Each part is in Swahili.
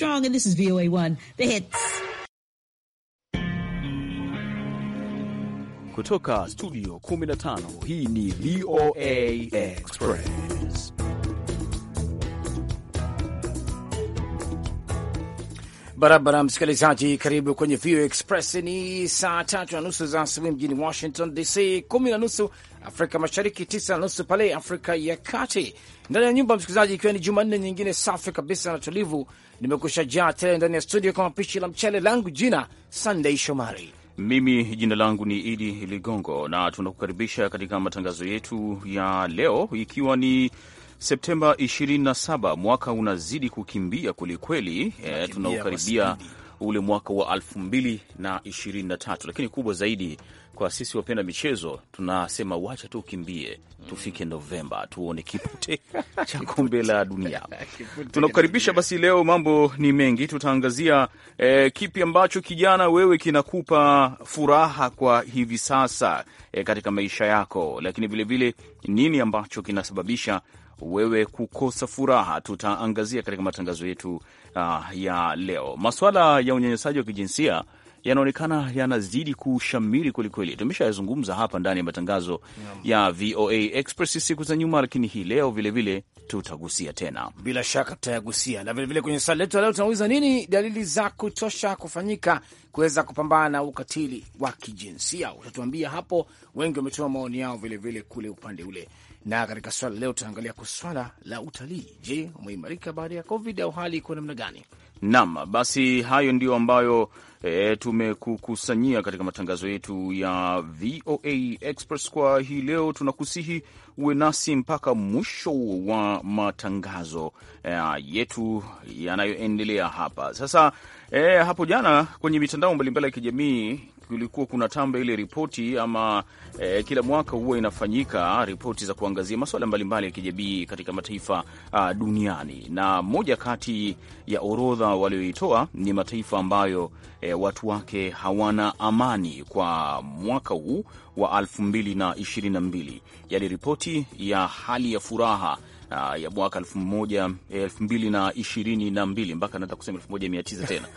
strong and this is VOA1, The Hits. Kutoka studio 15 hii ni VOA Express. Barabara msikilizaji, karibu kwenye VOA Express. Ni saa tatu na nusu za asubuhi mjini Washington DC, kumi na nusu Afrika Mashariki, tisa na nusu pale Afrika ya Kati, ndani ya nyumba msikilizaji, ikiwa ni Jumanne nyingine safi kabisa na tulivu, nimekusha jaa tele ndani ya studio kama pishi la mchele langu. Jina Sandei Shomari, mimi jina langu ni Idi Ligongo, na tunakukaribisha katika matangazo yetu ya leo, ikiwa ni Septemba 27. Mwaka unazidi kukimbia kwelikweli, eh, tunaukaribia ule mwaka wa 2023 lakini kubwa zaidi kwa sisi wapenda michezo tunasema wacha tu ukimbie, tufike Novemba tuone kipute cha kombe la dunia. Tunakukaribisha basi. Leo mambo ni mengi, tutaangazia eh, kipi ambacho kijana wewe kinakupa furaha kwa hivi sasa eh, katika maisha yako, lakini vilevile nini ambacho kinasababisha wewe kukosa furaha. Tutaangazia katika matangazo yetu uh, ya leo. Masuala ya unyanyasaji wa kijinsia yanaonekana yanazidi kushamiri kwelikweli. Tumeshayazungumza hapa ndani ya matangazo ya VOA Express siku za nyuma, lakini hii leo vilevile tutagusia tena, bila shaka tutayagusia na vilevile kwenye swali letu leo tunauliza nini dalili za kutosha kufanyika kuweza kupambana na ukatili wa kijinsia. Utatuambia hapo, wengi wametoa maoni yao vilevile kule upande ule na katika swala leo tutaangalia kwa swala la utalii. Je, umeimarika baada ya COVID au hali iko namna gani? Naam, basi hayo ndiyo ambayo e, tumekukusanyia katika matangazo yetu ya VOA Express kwa hii leo. Tunakusihi uwe nasi mpaka mwisho wa matangazo e, yetu yanayoendelea hapa sasa. E, hapo jana kwenye mitandao mbalimbali ya kijamii kulikuwa kuna tamba ile ripoti ama e, kila mwaka huwa inafanyika ripoti za kuangazia masuala mbalimbali ya kijamii katika mataifa a, ah, duniani, na moja kati ya orodha walioitoa ni mataifa ambayo e, watu wake hawana amani kwa mwaka huu wa 2022 yani ripoti ya hali ya furaha uh, ya mwaka elfu moja elfu mbili na ishirini na mbili mpaka nata kusema elfu moja mia tisa tena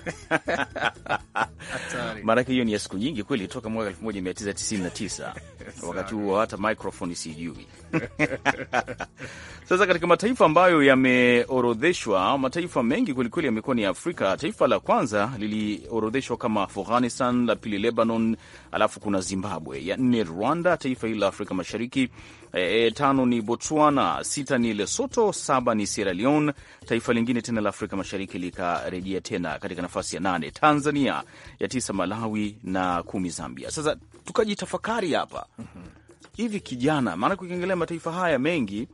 maanake hiyo ni ya siku nyingi kweli, toka mwaka elfu moja mia tisa tisini na tisa wakati huo hata microphone sijui Sasa katika mataifa ambayo yameorodheshwa, mataifa mengi kwelikweli yamekuwa ni Afrika. Taifa la kwanza liliorodheshwa kama Afghanistan, la pili Lebanon, alafu kuna Zimbabwe, ya nne Rwanda, taifa hili la Afrika Mashariki, e, e tano ni Botswana, sita ni lesoto saba ni Sierra Leone, taifa lingine tena la Afrika Mashariki likarejea tena katika nafasi ya nane, Tanzania ya tisa, Malawi na kumi Zambia. Sasa tukajitafakari hapa mm -hmm hivi kijana, maana ukiangalia mataifa haya mengi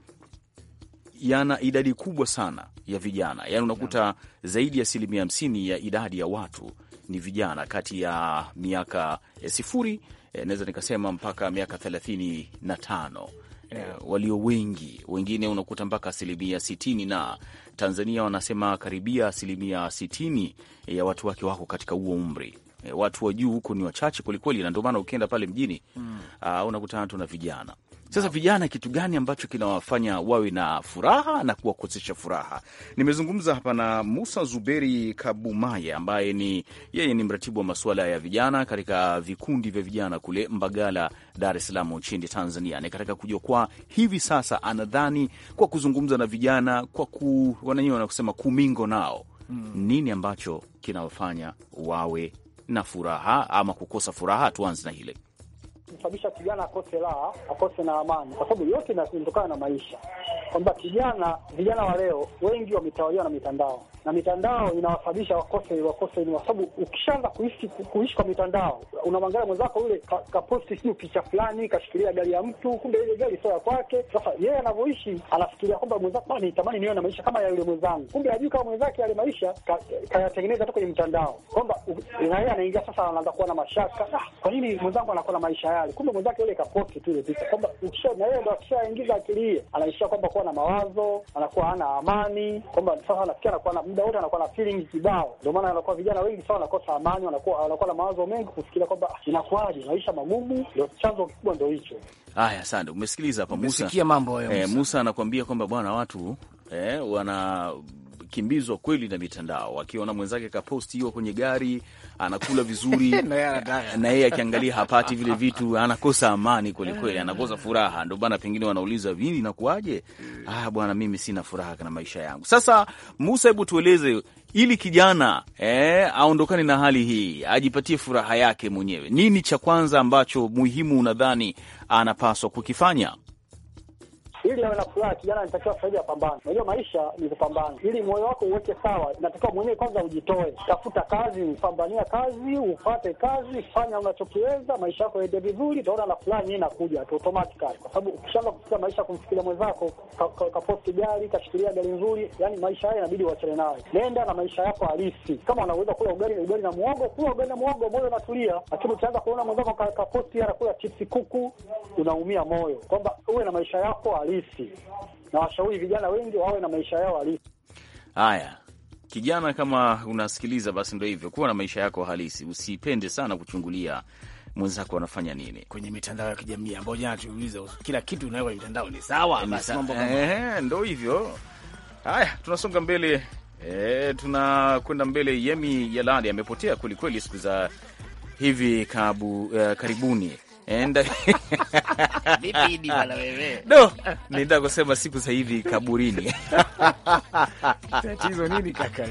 yana idadi kubwa sana ya vijana, yaani unakuta zaidi ya asilimia hamsini ya idadi ya watu ni vijana kati ya miaka eh, sifuri eh, naweza nikasema mpaka miaka thelathini na tano eh, walio wengi, wengine unakuta mpaka asilimia sitini na Tanzania wanasema karibia asilimia sitini ya watu wake wako katika huo umri Eh, watu wa juu huko ni wachache kwelikweli, na ndio maana ukienda pale mjini mm. uh, unakutana tu na vijana sasa Vijana, kitu gani ambacho kinawafanya wawe na furaha na kuwakosesha furaha? Nimezungumza hapa na Musa Zuberi Kabumaye ambaye ni yeye ni mratibu wa masuala ya vijana katika vikundi vya vijana kule Mbagala, Dar es Salaam nchini Tanzania. Nikataka kujua kwa hivi sasa anadhani kwa kuzungumza na vijana, kwa ku wananyewe wanakusema kumingo nao mm. nini ambacho kinawafanya wawe na furaha ama kukosa furaha? Tuanze na hile sababisha kijana akose raha, akose na amani, kwa sababu yote inatokana na maisha, kwamba kijana, vijana wa leo wengi wametawaliwa na mitandao na mitandao inawasababisha wakose wakose ni kwa sababu ukishaanza kuishi kuishi kwa mitandao, unamwangalia mwenzako yule kaposti ka siu picha fulani, kashikilia gari ya mtu, kumbe ile gari sio ya kwake. Sasa yeye yeah, anavyoishi anafikiria kwamba mwenzako, nitamani niwe na maisha kama ya yule mwenzangu, kumbe ajui kama mwenzake yale maisha kayatengeneza ka tu kwenye mtandao, kwamba na yeye anaingia sasa, anaanza kuwa na mashaka, ah, kwa nini mwenzangu anakuwa na maisha yale, kumbe mwenzake yule kaposti tu ile picha, kwamba ukisha na yeye ndo akishaingiza akili hii, anaishia kwamba kuwa na mawazo, anakuwa hana amani, kwamba sasa anafikia anakuwa na muda wote anakuwa na feeling kibao. Ndio maana anakuwa vijana wengi sana wanakosa amani, wanakuwa wanakuwa na mawazo mengi kufikiria kwamba ah, inakuwaje maisha magumu. Ndio chanzo kikubwa ndio hicho. Haya, asante. Umesikiliza hapa Musa, umesikia mambo hayo eh, Musa. Eh, Musa anakuambia kwamba bwana watu eh, wana kimbizwa kweli na mitandao, akiona mwenzake kaposti hiyo kwenye gari, anakula vizuri na yeye akiangalia hapati vile vitu, anakosa amani kwelikweli, eh. anakosa furaha. Ndio bana, pengine wanauliza vini nakuaje? Hmm. Ah bwana, mimi sina furaha na maisha yangu. Sasa Musa, hebu tueleze ili kijana eh, aondokane na hali hii, ajipatie furaha yake mwenyewe, nini cha kwanza ambacho muhimu unadhani anapaswa kukifanya? ili awe na furaha, kijana anatakiwa sasa hivi apambane. Unajua maisha ni kupambana, ili moyo wako uweke sawa, inatakiwa mwenyewe kwanza ujitoe, tafuta kazi, upambania kazi, upate kazi, fanya unachokiweza, maisha yako yaende vizuri, utaona na furaha yenyewe inakuja tu automatically, kwa sababu ukishaanza kufikia maisha kumfikiria mwenzako, kaposti ka, ka gari, kashikilia gari nzuri, yani maisha haya inabidi uachane nayo, nenda na maisha yako halisi. Kama unaweza kula ugali na ugali na muogo, kula ugali na muogo, moyo unatulia, lakini ukianza kuona mwenzako kaposti ka, anakula chipsi kuku, unaumia moyo, kwamba uwe na maisha yako halisi halisi, na washauri vijana wengi wawe na maisha yao halisi. Haya, kijana, kama unasikiliza, basi ndo hivyo, kuwa na maisha yako halisi, usipende sana kuchungulia mwenzako anafanya nini kwenye mitandao ya kijamii, ambayo jana tuliuliza kila kitu unaweka kwenye mitandao ni sawa, e, basi mambo kama eh, ndo hivyo. Haya, tunasonga mbele. E, tunakwenda mbele. Yemi Yalali amepotea kwelikweli siku za hivi kabu, uh, karibuni enda nenda kusema siku za hivi kaburini. Tatizo nini kaka?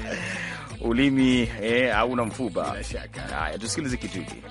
Ulimi eh, na mfupa. Haya, tusikilize kitu hiki.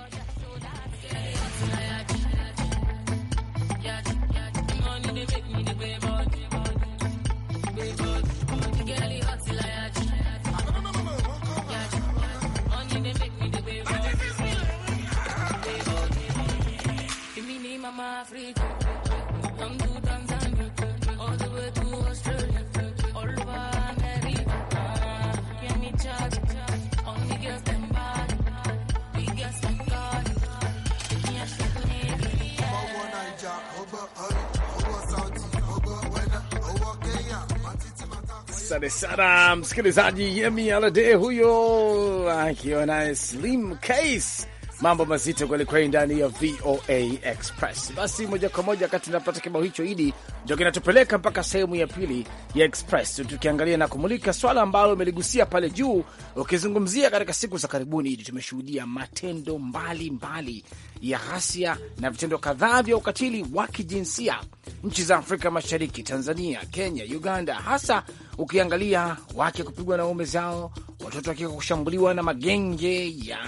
Asante sana msikilizaji, Yemi Alade huyo akiwa naye Slim Case. Mambo mazito kwelikweli ndani ya VOA Express. Basi moja kwa moja, wakati tunapata kibao hicho, Idi ndio kinatupeleka mpaka sehemu ya pili ya Express, tukiangalia na kumulika swala ambalo umeligusia pale juu, ukizungumzia katika siku za karibuni, Idi, tumeshuhudia matendo mbalimbali mbali ya ghasia na vitendo kadhaa vya ukatili wa kijinsia nchi za Afrika Mashariki, Tanzania, Kenya, Uganda, hasa ukiangalia wake kupigwa na ume zao, watoto wakiwa kushambuliwa na magenge ya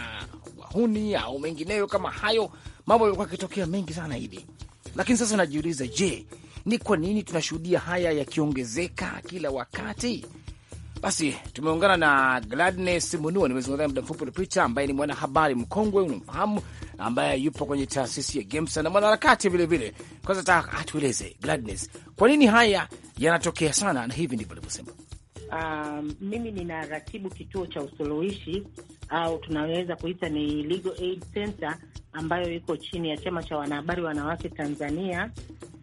wahuni au mengineyo kama hayo, mambo yalikuwa yakitokea mengi sana hivi. Lakini sasa najiuliza, je, ni kwa nini tunashuhudia haya yakiongezeka kila wakati? Basi tumeungana na Gladness Munua, nimezungumza muda mfupi uliopita, ambaye ni mwanahabari mkongwe, unamfahamu, ambaye yupo kwenye taasisi ya Gemsa na mwanaharakati vilevile. Kwanza taka atueleze Gladness, kwa nini haya yanatokea sana? Na hivi ndivyo alivyosema. Um, mimi ninaratibu kituo cha usuluhishi au tunaweza kuita ni Legal Aid Center ambayo iko chini ya chama cha wanahabari wanawake Tanzania.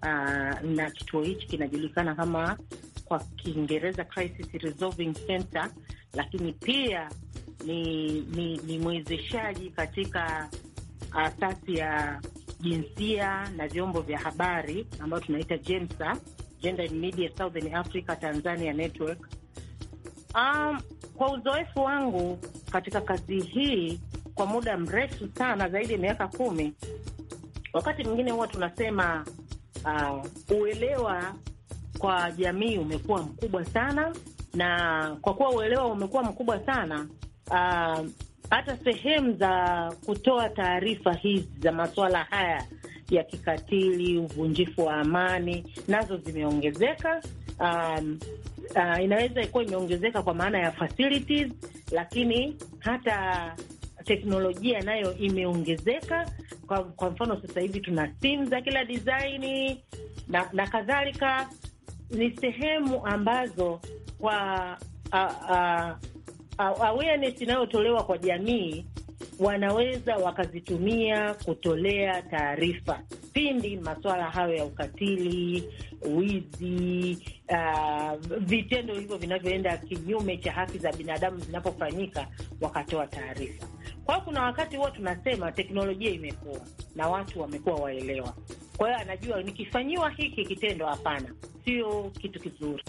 Uh, na kituo hichi kinajulikana kama kwa Kiingereza crisis resolving center, lakini pia ni, ni, ni mwezeshaji katika uh, asasi ya jinsia na vyombo vya habari ambayo tunaita GEMSA, Gender and Media Southern Africa Tanzania Network. Um, kwa uzoefu wangu katika kazi hii kwa muda mrefu sana zaidi ya miaka kumi, wakati mwingine huwa tunasema uh, uelewa kwa jamii umekuwa mkubwa sana, na kwa kuwa uelewa umekuwa mkubwa sana uh, hata sehemu za kutoa taarifa hizi za masuala haya ya kikatili, uvunjifu wa amani, nazo zimeongezeka. Um, uh, inaweza ikuwa imeongezeka kwa maana ya facilities, lakini hata teknolojia nayo imeongezeka. Kwa, kwa mfano sasa hivi tuna simu za kila disaini na, na kadhalika ni sehemu ambazo kwa awareness inayotolewa kwa jamii wanaweza wakazitumia kutolea taarifa pindi masuala hayo ya ukatili, wizi, uh, vitendo hivyo vinavyoenda kinyume cha haki za binadamu vinapofanyika, wakatoa taarifa. Kwa hiyo kuna wakati huwa tunasema teknolojia imekuwa na watu wamekuwa waelewa, kwa hiyo anajua nikifanyiwa hiki kitendo, hapana, sio kitu kizuri.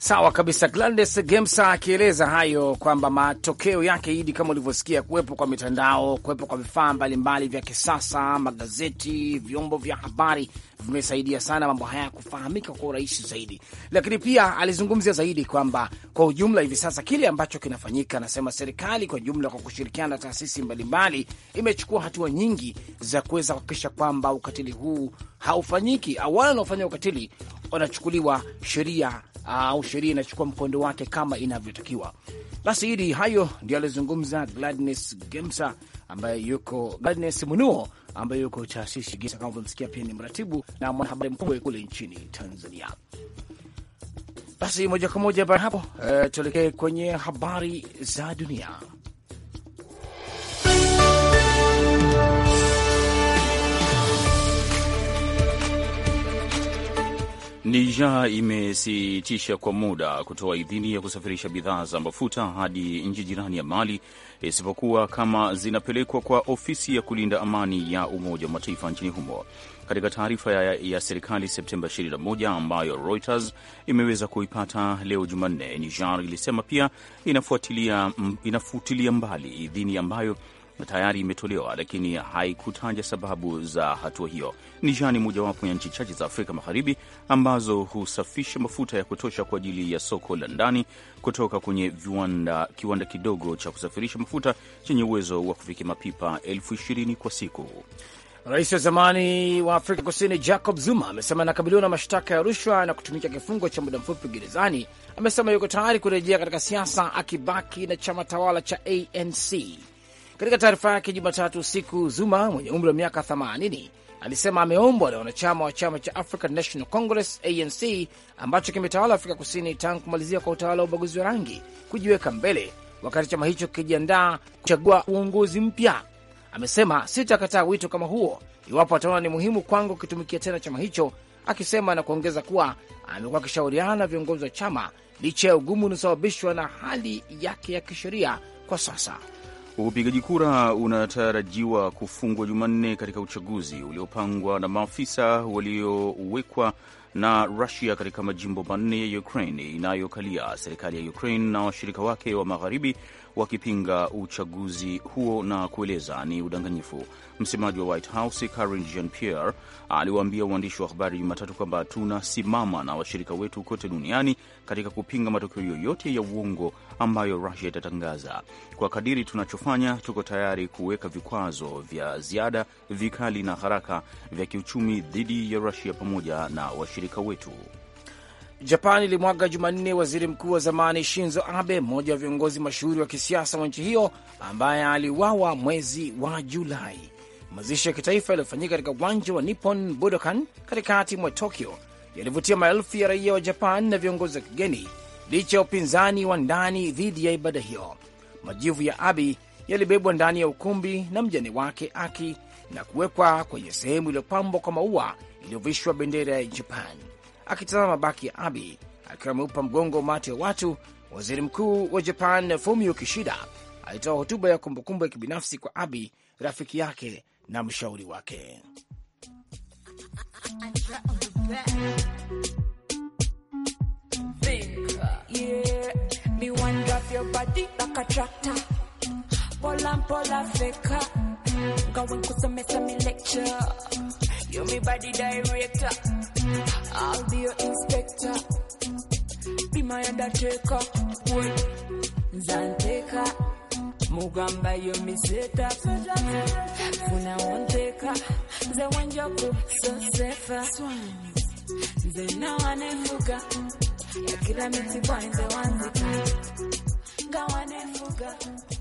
Sawa kabisa, Glandes Gemsa akieleza hayo kwamba matokeo yake Idi, kama ulivyosikia, kuwepo kwa mitandao, kuwepo kwa vifaa mbalimbali vya kisasa, magazeti, vyombo vya habari vimesaidia sana mambo haya kufahamika kwa urahisi zaidi. Lakini pia alizungumzia zaidi kwamba kwa ujumla hivi sasa kile ambacho kinafanyika, anasema serikali kwa jumla kwa kushirikiana na taasisi mbalimbali imechukua hatua nyingi za kuweza kuhakikisha kwamba ukatili huu haufanyiki au wale wanaofanya ukatili wanachukuliwa sheria au sheria inachukua mkondo wake kama inavyotakiwa. Basi hili hayo ndio alizungumza Gladness Gemsa ambaye yuko Gladness Munuo ambaye yuko taasisi Gemsa kama vyomsikia, pia ni mratibu na mwanahabari mkubwa kule nchini Tanzania. Basi moja kwa moja baada hapo, uh, tuelekee kwenye habari za dunia. Niger imesitisha kwa muda kutoa idhini ya kusafirisha bidhaa za mafuta hadi nchi jirani ya Mali isipokuwa kama zinapelekwa kwa ofisi ya kulinda amani ya Umoja wa Mataifa nchini humo. Katika taarifa ya, ya serikali Septemba 21 ambayo Reuters imeweza kuipata leo Jumanne, Niger ilisema pia inafuatilia, inafutilia mbali idhini ambayo tayari imetolewa, lakini haikutaja sababu za hatua hiyo. ni ni mojawapo ya nchi chache za Afrika Magharibi ambazo husafisha mafuta ya kutosha kwa ajili ya soko la ndani kutoka kwenye viwanda, kiwanda kidogo cha kusafirisha mafuta chenye uwezo wa kufikia mapipa elfu ishirini kwa siku. Rais wa zamani wa Afrika Kusini Jacob Zuma amesema anakabiliwa na mashtaka ya rushwa na kutumikia kifungo cha muda mfupi gerezani. Amesema yuko tayari kurejea katika siasa akibaki na chama tawala cha ANC. Katika taarifa yake Jumatatu usiku, Zuma mwenye umri wa miaka 80 alisema ameombwa na wanachama wa chama cha African National Congress ANC ambacho kimetawala Afrika Kusini tangu kumalizia kwa utawala wa ubaguzi wa rangi kujiweka mbele, wakati chama hicho kikijiandaa kuchagua uongozi mpya. Amesema sitakataa wito kama huo iwapo ataona ni muhimu kwangu kitumikia tena chama hicho, akisema na kuongeza kuwa amekuwa akishauriana na viongozi wa chama licha ya ugumu unaosababishwa na hali yake ya kisheria kwa sasa. Upigaji kura unatarajiwa kufungwa Jumanne katika uchaguzi uliopangwa na maafisa waliowekwa na Rusia katika majimbo manne ya Ukraine inayokalia. Serikali ya Ukraine na washirika wake wa magharibi wakipinga uchaguzi huo na kueleza ni udanganyifu. Msemaji wa White House Karine Jean-Pierre aliwaambia waandishi wa habari Jumatatu kwamba tunasimama na washirika wetu kote duniani katika kupinga matokeo yoyote ya uongo ambayo Rusia itatangaza. Kwa kadiri tunachofanya, tuko tayari kuweka vikwazo vya ziada vikali na haraka vya kiuchumi dhidi ya Rusia pamoja na washirika wetu. Japan ilimwaga Jumanne waziri mkuu wa zamani Shinzo Abe, mmoja wa viongozi mashuhuri wa kisiasa wa nchi hiyo ambaye aliuawa mwezi wa Julai. Mazishi ya kitaifa yaliyofanyika katika uwanja wa Nippon Budokan katikati mwa Tokyo yalivutia maelfu ya raia wa Japan na viongozi wa kigeni licha ya upinzani wa ndani dhidi ya ibada hiyo. Majivu ya Abi yalibebwa ndani ya ukumbi na mjane wake Aki na kuwekwa kwenye sehemu iliyopambwa kwa maua iliyovishwa bendera ya Japan akitazama mabaki ya Abi akiwa ameupa mgongo umati wa watu. Waziri Mkuu wa Japan Fumio Kishida alitoa hotuba ya kumbukumbu ya kibinafsi kwa Abi, rafiki yake na mshauri wake. You're my body director. I'll be your inspector. Be my undertaker. Zanteka. Mugamba you're my setup. Funa wanteka. Nze wanjoku so safe. The no one in Fuga. sefa. Nze na wanefuga. Ya kila miti kwa nze wanzika. Nga Fuga.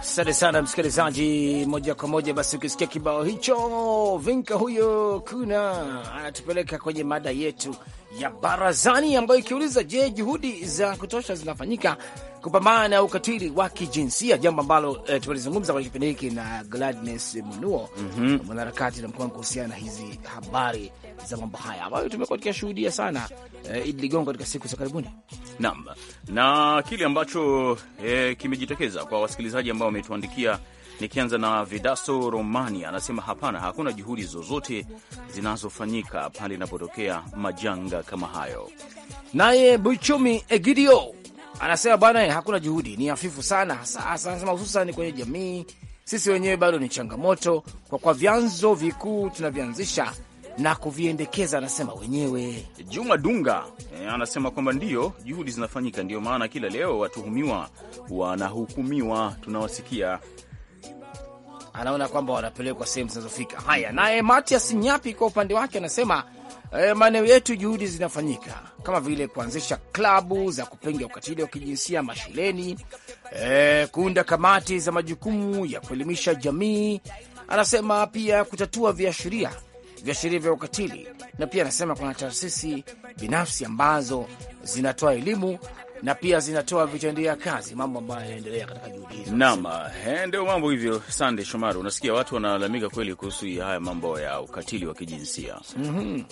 Asante sana msikilizaji, moja kwa moja basi, ukisikia kibao hicho Vinka huyo kuna anatupeleka kwenye mada yetu ya barazani ambayo ikiuliza, je, juhudi za kutosha zinafanyika kupambana na ukatili wa kijinsia, jambo ambalo eh, tulizungumza kwenye kipindi hiki na Gladness Munuo mm -hmm. mwanaharakati na mkoani kuhusiana na hizi habari za mambo haya ambayo tumekuwa tukiashuhudia sana eh, Idi Ligongo, katika siku za karibuni. nam na kile ambacho eh, kimejitokeza kwa wasikilizaji ambao wametuandikia Nikianza na Vidaso Romani anasema hapana, hakuna juhudi zozote zinazofanyika pale inapotokea majanga kama hayo. Naye Buchumi Egidio anasema bwana, hakuna juhudi, ni hafifu sana, hasa hasa anasema hususan kwenye jamii. Sisi wenyewe bado ni changamoto, kwa kwa vyanzo vikuu tunavyoanzisha na kuviendekeza, anasema wenyewe. Juma Dunga e, anasema kwamba ndiyo juhudi zinafanyika, ndiyo maana kila leo watuhumiwa wanahukumiwa, tunawasikia anaona kwamba wanapelekwa sehemu zinazofika. Haya, naye Matias Nyapi kwa upande wake anasema e, maeneo yetu juhudi zinafanyika kama vile kuanzisha klabu za kupinga ukatili wa kijinsia mashuleni, e, kuunda kamati za majukumu ya kuelimisha jamii. Anasema pia kutatua viashiria viashiria vya ukatili, na pia anasema kuna taasisi binafsi ambazo zinatoa elimu na pia zinatoa vitendea kazi, mambo ambayo yanaendelea katika juhudi hizo. Naam, ndio mambo hivyo. Sande Shomari, unasikia watu wanalalamika kweli kuhusu haya mambo ya ukatili wa kijinsia mm -hmm.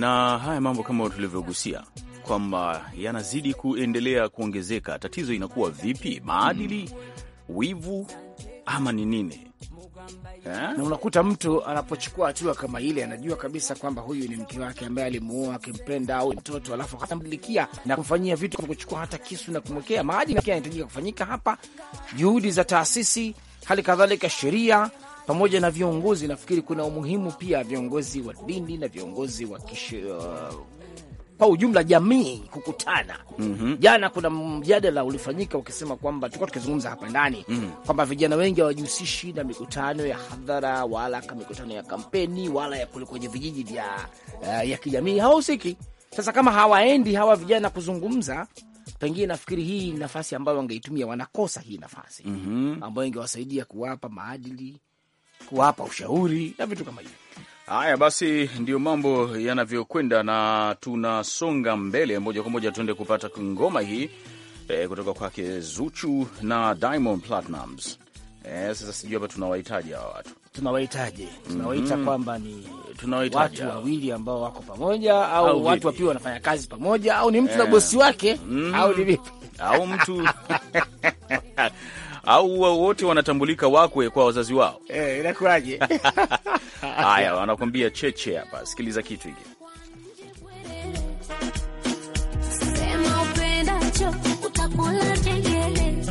na haya mambo kama tulivyogusia kwamba yanazidi kuendelea kuongezeka. Tatizo inakuwa vipi? Maadili, mhm. wivu ama ni nini? Eh? Na unakuta mtu anapochukua hatua kama ile, anajua kabisa kwamba huyu ni mke wake ambaye alimuoa akimpenda, au mtoto, alafu akatambulikia na kumfanyia vitu, kuchukua hata kisu na kumwekea maji. Inahitajika kufanyika hapa juhudi za taasisi, hali kadhalika sheria pamoja na viongozi. Nafikiri kuna umuhimu pia viongozi wa dini na viongozi wa kishu, uh, kwa ujumla jamii kukutana. mm -hmm. Jana kuna mjadala ulifanyika ukisema kwamba tulikuwa tukizungumza hapa ndani mm -hmm. kwamba vijana wengi hawajihusishi na mikutano ya hadhara wala mikutano ya kampeni wala ya kule kwenye vijiji vya uh, ya kijamii hawahusiki. Sasa kama hawaendi hawa vijana kuzungumza pengine nafikiri hii nafasi ambayo wangeitumia wanakosa hii nafasi mm -hmm. ambayo ingewasaidia kuwapa maadili, kuwapa ushauri na vitu kama hivyo. Haya basi, ndiyo mambo yanavyokwenda, na tunasonga mbele moja kwa moja, tuende kupata ngoma hii e, kutoka kwake Zuchu na Diamond Platnumz. E, sasa sijui hapa tunawahitaji hawa watu tunawahitaji tunawaita mm -hmm. kwamba ni watu wawili ambao wako pamoja au, au watu wapiwa wanafanya kazi pamoja au ni mtu yeah. na eh. bosi wake mm -hmm. au ni vipi au mtu au wote wanatambulika wakwe kwa wazazi wao? Eh, inakuaje? Haya, wanakuambia cheche hapa. Sikiliza kitu hiki. utakula tengele,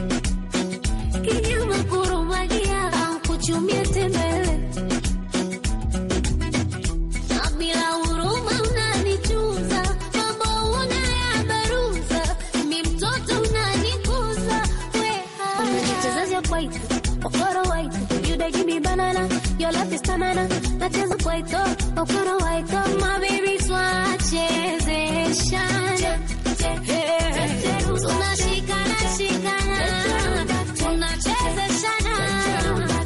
kinyama kurumagia au kuchumia say give me banana. Your love is stamina. Nacheza kwaito, mkono waito. My baby's wachezesha. Tunashikana, shikana. Tunachezeshana. Rumba.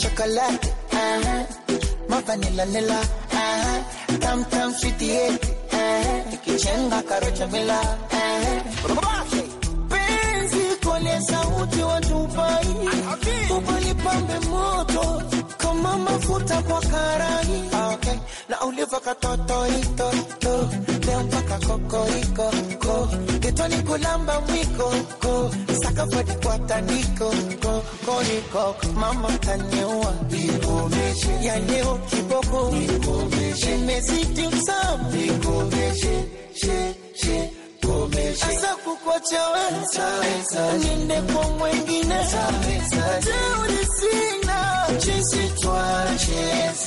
Chocolate, uh-huh. vanilla nilla, eh, ah, tam tam sweetie, eh, ikichenga ah, karocha mila, eh, ah, penzi kole sauti watupai, tupalipambe moto kama mafuta kwa karai okay. na uliva katoto ito to leo mpaka koko iko ko kitoni kulamba mwiko ko sakafadi kwa taniko ko koniko mama tanyeua ya leo kiboko imezidi sana Sasa kukwacha wewe niende kwa mwengine jeuri sina jinsi twachezeshana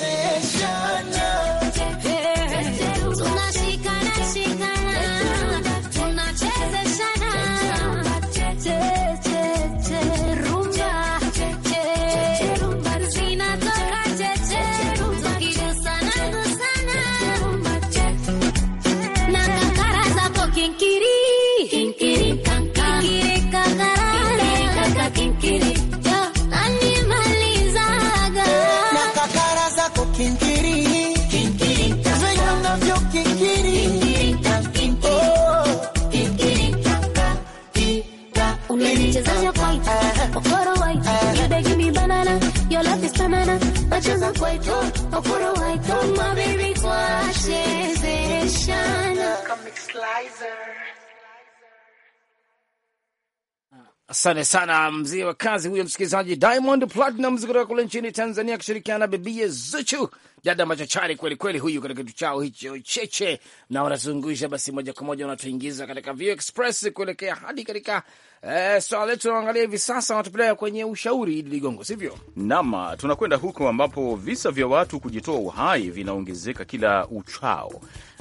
Asante sana mzee wa kazi huyo, msikilizaji Diamond Platnumz kutoka kule nchini Tanzania, kushirikiana na bibie Zuchu, dada machachari kweli kweli huyu katika kitu chao hicho cheche, na wanazungusha basi moja kwa moja wanatuingiza katika View Express kuelekea hadi katika Eh, swala letu tunaangalia hivi sasa wanatupeleka kwenye ushauri Idi Ligongo, sivyo? Naam, tunakwenda huko ambapo visa vya watu kujitoa uhai vinaongezeka kila uchao.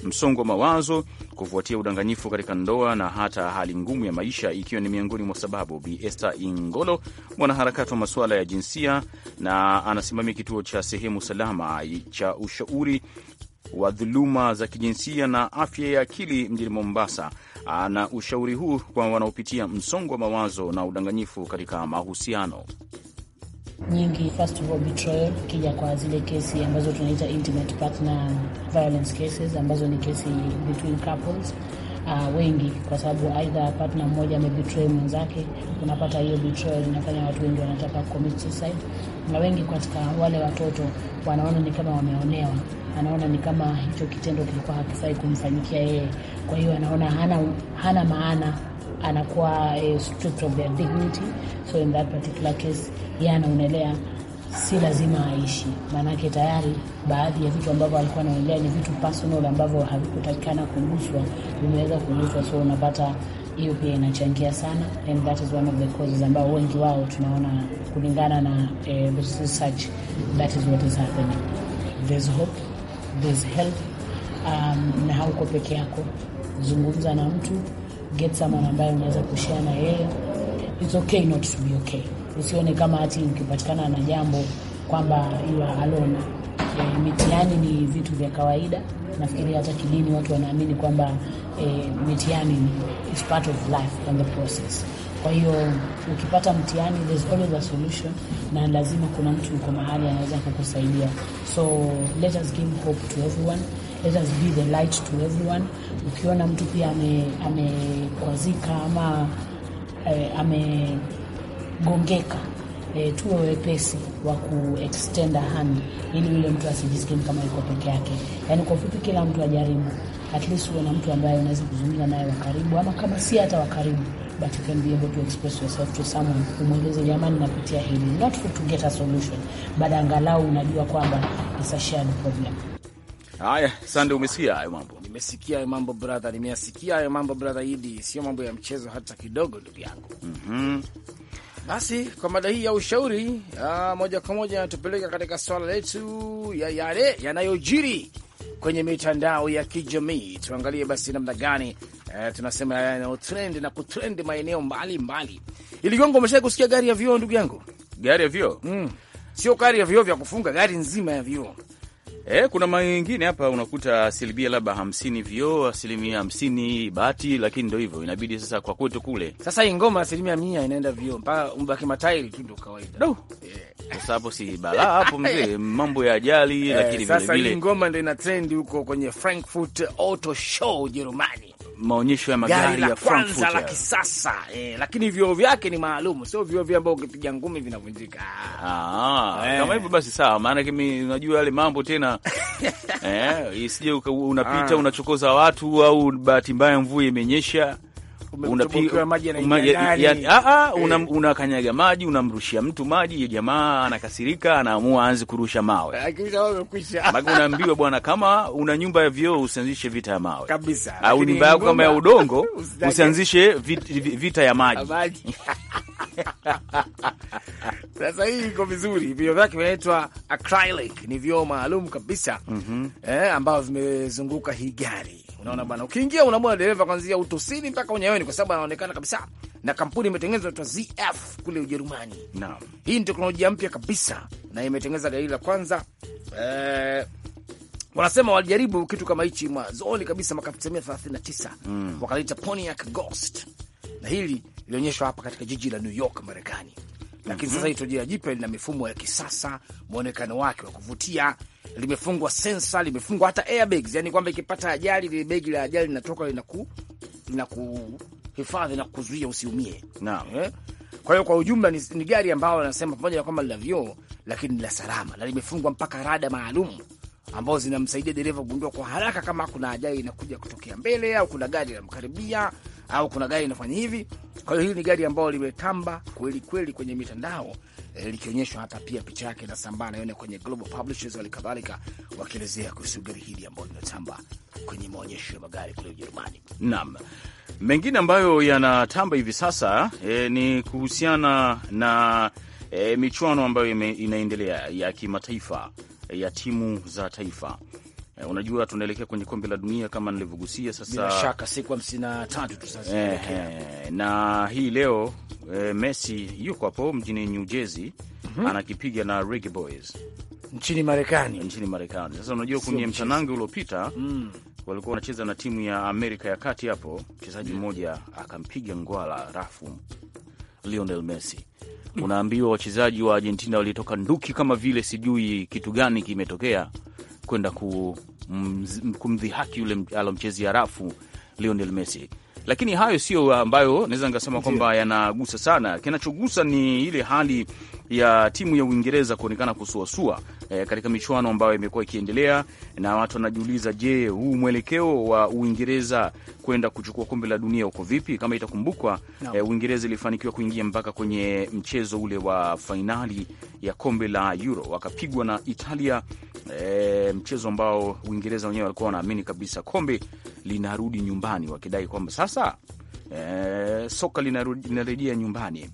Msongo wa mawazo kufuatia udanganyifu katika ndoa na hata hali ngumu ya maisha ikiwa ni miongoni mwa sababu. Bi Esther Ingolo, mwanaharakati wa masuala ya jinsia, na anasimamia kituo cha sehemu salama cha ushauri wa dhuluma za kijinsia na afya ya akili mjini Mombasa ana ushauri huu kwa wanaopitia msongo wa mawazo na udanganyifu katika mahusiano nyingi first of all betrayal, kija kwa zile kesi ambazo tunaita intimate partner violence cases ambazo ni kesi between couples. Uh, wengi kwa sababu aidha partner mmoja amebetray mwenzake, unapata hiyo betrayal inafanya watu wengi wanataka commit suicide, na wengi katika wale watoto wanaona ni kama wameonewa anaona ni kama hicho kitendo kilikuwa hakifai kumfanyikia yeye, kwa hiyo anaona hana, hana maana anakuwa eh, stripped of their dignity. So in that particular case yeye anaonelea si lazima aishi, maanake tayari baadhi ya vitu ambavyo alikuwa anaonelea ni vitu personal ambavyo havikutakikana kuguswa vimeweza kuguswa, so unapata hiyo pia inachangia sana, and that is one of the causes ambao wengi wao tunaona kulingana na eh, research, that is what is happening. There's hope there's help um, na hauko peke yako, zungumza na mtu, get someone ambaye unaweza kushare na yeye. It's okay not to be okay. Usione kama hati ukipatikana na jambo kwamba iwa alona E, eh, mitihani ni vitu vya kawaida. Nafikiri hata kidini watu wanaamini kwamba e, mitihani is part of life and the process kwa hiyo ukipata mtihani, there's always a solution, na lazima kuna mtu yuko mahali anaweza kukusaidia. So let us give hope to everyone, let us be the light to everyone. Ukiona mtu pia amekwazika ame ama eh, amegongeka eh, tuwe wepesi wa ku extend a hand ili yule mtu asijisikie kama yuko peke yake. Yaani kwa ufupi, kila mtu ajaribu, at least uwe na mtu ambaye unaweza kuzungumza naye wa karibu, ama kama si hata wa karibu but you can be able to express yourself to someone, umweleze jamani, napitia hili, not for to get a solution, but angalau unajua kwamba it's a shared problem. Haya, Sande, umesikia hayo mambo? Nimesikia hayo mambo bradha, nimeyasikia hayo mambo bradha Idi, sio mambo ya mchezo hata kidogo, ndugu yangu. mm -hmm. Basi kwa mada hii ya ushauri aa, ah, moja kwa moja yanatupeleka katika swala letu ya yale yanayojiri kwenye mitandao ya kijamii. Tuangalie basi namna gani Eh, tunasema yanayotrend eh, na kutrend maeneo mbalimbali. Iligongo, umeshawahi kusikia gari ya vioo, ndugu yangu? Gari ya vioo? Mm. Sio gari ya vioo vya kufunga, gari nzima ya vioo. Eh, kuna mengine hapa unakuta asilimia labda hamsini vioo, asilimia hamsini bati, lakini ndo hivyo inabidi sasa kwa kwetu kule. Sasa hii ngoma asilimia mia inaenda vioo mpaka umbaki matairi tu ndo kawaida. Do. Yeah. Eh. Sasa hapo si balaa hapo mzee, eh. mambo ya ajali eh, lakini vile vile. Sasa hii ngoma ndo ina trend huko kwenye Frankfurt Auto Show Ujerumani maonyesho ya magari ya kwanza la kisasa eh, lakini vioo vyake ni maalum, sio vioo vya ambao ukipiga ngumi vinavunjika. Ah, eh. Kama hivyo basi sawa, maana kimi unajua yale mambo tena eh, isije unapita ah, unachokoza watu au bahati mbaya mvua imenyesha unakanyaga maji, unamrushia mtu maji, jamaa anakasirika, anaamua aanze kurusha mawe. Eh, unaambiwa bwana, kama una nyumba ya vyoo usianzishe vita ya mawe kabisa, au nyumba yako kama ya udongo usianzishe vita ya maji. Sasa hii iko vizuri. Vioo vyake vinaitwa acrylic, ni vioo maalum kabisa mm -hmm. eh, ambavyo vimezunguka hii gari Unaona bana, ukiingia unamwona dereva kwanzia utosini mpaka unyaweni, kwa sababu anaonekana kabisa, na kampuni imetengenezwa inaitwa ZF kule Ujerumani. Naam, hii ni teknolojia mpya kabisa, na imetengeneza gari la kwanza eh, wanasema walijaribu kitu kama hichi mwanzoni kabisa mwaka 1939 mm, wakaliita Pontiac Ghost, na hili lilionyeshwa hapa katika jiji la New York Marekani, lakini mm -hmm. Sasa hili jipya lina mifumo ya kisasa, mwonekano wake wa kuvutia limefungwa sensa, limefungwa hata airbags, yani kwamba ikipata ajali lile begi la ajali linatoka linaku linakuhifadhi na kuzuia usiumie. Naam, eh? Kwa hiyo kwa ujumla ni, ni gari ambalo wanasema pamoja na kwamba lina vioo lakini la salama na limefungwa mpaka rada maalum ambazo zinamsaidia dereva kugundua kwa haraka kama kuna ajali inakuja kutokea mbele au kuna gari linamkaribia au kuna gari inafanya hivi. Kwa hiyo hili ni gari ambalo limetamba kweli kweli kwenye mitandao e, likionyeshwa hata pia picha yake na inasambaa, naiona kwenye Global Publishers, wali kadhalika wakielezea kuhusu gari hili ambalo limetamba kwenye maonyesho ya magari kule Ujerumani. Naam, mengine ambayo yanatamba hivi sasa e, ni kuhusiana na e, michuano ambayo inaendelea ya kimataifa ya timu za taifa. Eh, unajua tunaelekea kwenye kombe la dunia kama nilivyogusia. Sasa bila shaka siku hamsini na tatu tu sasa eh, na hii leo eh, Messi yuko hapo mjini New Jersey mm -hmm. anakipiga na Reggae Boys nchini Marekani, nchini Marekani. Sasa unajua kwenye mchanange uliopita mm. walikuwa wanacheza na timu ya Amerika ya kati hapo, mchezaji mm. mmoja mm. akampiga ngwala rafu Lionel Messi. Unaambiwa wachezaji wa Argentina walitoka nduki kama vile sijui kitu gani kimetokea kwenda kumdhihaki yule alomchezi harafu Lionel Messi, lakini hayo sio ambayo naweza nikasema kwamba yanagusa sana. Kinachogusa ni ile hali ya timu ya Uingereza kuonekana kusuasua e, katika michuano ambayo imekuwa ikiendelea, na watu wanajiuliza, je, huu mwelekeo wa Uingereza kwenda kuchukua kombe la dunia uko vipi? Kama itakumbukwa no. e, Uingereza ilifanikiwa kuingia mpaka kwenye mchezo ule wa fainali ya kombe la Euro wakapigwa na Italia, e, mchezo ambao Uingereza wenyewe walikuwa wanaamini kabisa kombe linarudi nyumbani, wakidai kwamba sasa e, soka linarejea nyumbani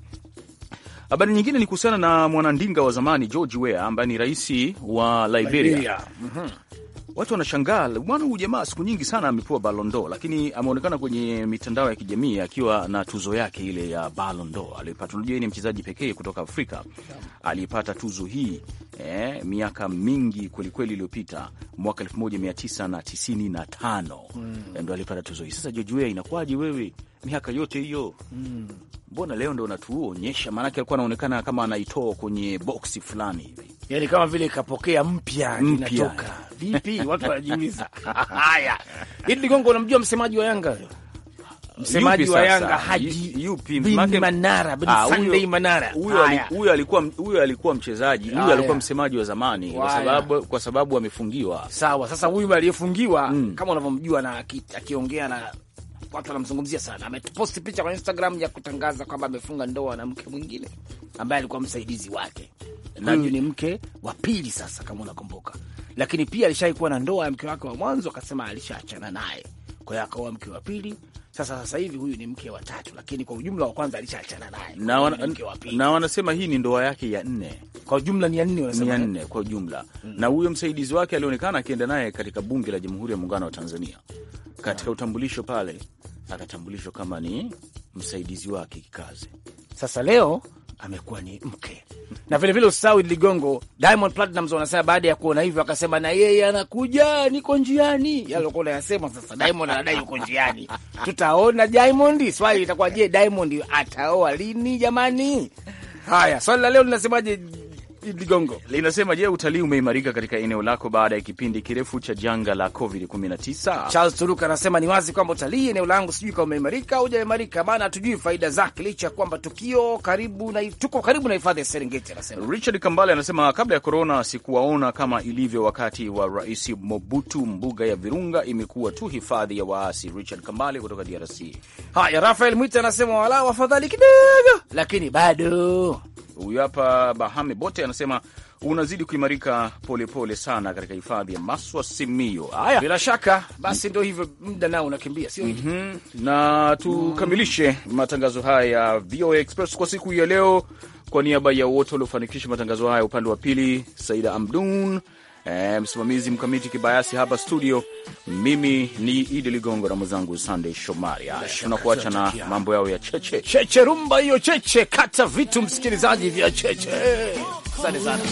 Habari nyingine ni kuhusiana na mwanandinga wa zamani George Weah ambaye ni rais wa Liberia, Liberia. Mm -hmm. Watu wanashangaa bwana, huyu jamaa siku nyingi sana amepewa balondo, lakini ameonekana kwenye mitandao ya kijamii akiwa na tuzo yake ile ya balondo aliyopata. Unajua, ni mchezaji pekee kutoka Afrika aliyepata tuzo hii eh, miaka mingi kwelikweli iliyopita, mwaka 1995 mm, ndo alipata tuzo hii. Sasa George Weah, inakuwaje wewe miaka yote hiyo mm. mbona leo ndo natuonyesha? Maanake alikuwa anaonekana kama anaitoa kwenye boksi fulani hivi, yani kama vile kapokea mpya inatoka vipi? watu wanajiuliza haya. Idi Ligongo, unamjua msemaji wa Yanga, msemaji wa Yanga Haji yupi? Manara bin ah, Sunday Manara, huyo alikuwa huyo alikuwa mchezaji, huyo alikuwa msemaji wa zamani, kwa sababu kwa sababu amefungiwa. Sawa, sasa huyu aliyefungiwa mm. kama unavyomjua na akiongea na watu wanamzungumzia sana. Ameposti picha kwenye Instagram ya kutangaza kwamba amefunga ndoa na mke mwingine ambaye alikuwa msaidizi wake na mm, ni mke wa pili sasa, kama unakumbuka. Lakini pia kuwa na ndoa ya mke wake wa mwanzo, akasema alishaachana naye, kwa hiyo akaoa mke wa pili sasa sasa hivi huyu ni mke wa tatu, lakini kwa ujumla wa kwanza alishaachana naye na, wana, na wanasema hii ni ndoa yake ya nne kwa ujumla, ni ya nne wanasema, ya eh? nne kwa ujumla mm. Na huyo msaidizi wake alionekana akienda naye katika bunge la Jamhuri ya Muungano wa Tanzania katika utambulisho pale akatambulishwa kama ni msaidizi wake kikazi. Sasa leo amekuwa ni mke. Na vilevile usawi ligongo Diamond Platnumz wanasema baada ya kuona hivyo akasema na yeye anakuja, niko njiani. Yalokuwa alikuwa sasa, Diamond anadai yuko njiani. Tutaona Diamond, swali itakuwa je, Diamond ataoa lini jamani? Haya, swali la leo linasemaje? Ligongo linasema, je, utalii umeimarika katika eneo lako baada ya kipindi kirefu cha janga la Covid 19? Charles Turuka anasema ni wazi kwamba utalii eneo langu sijui kama umeimarika au hujaimarika, maana hatujui faida zake, licha ya kwamba tukio karibu na, tuko karibu na hifadhi ya Serengeti. Anasema Richard Kambale anasema kabla ya korona sikuwaona kama ilivyo wakati wa Rais Mobutu. Mbuga ya Virunga imekuwa tu hifadhi ya waasi. Richard Kambale kutoka DRC. Haya, Rafael Mwita anasema walau afadhali kidogo, lakini bado Huyu hapa Bahame Bote anasema unazidi kuimarika polepole sana katika hifadhi ya Maswa Simio. Haya, bila shaka basi ndo hivyo, muda nao unakimbia, sio? mm -hmm. na tukamilishe matangazo haya ya VOA Express kwa siku hii ya leo. Kwa niaba ya wote waliofanikisha matangazo haya, upande wa pili Saida Amdun e, msimamizi Mkamiti Kibayasi hapa studio. Mimi ni Idi Ligongo na mwenzangu Sandey Shomari. Tunakuacha na mambo yao ya cheche cheche, rumba hiyo cheche, kata vitu msikilizaji vya cheche. Asante sana.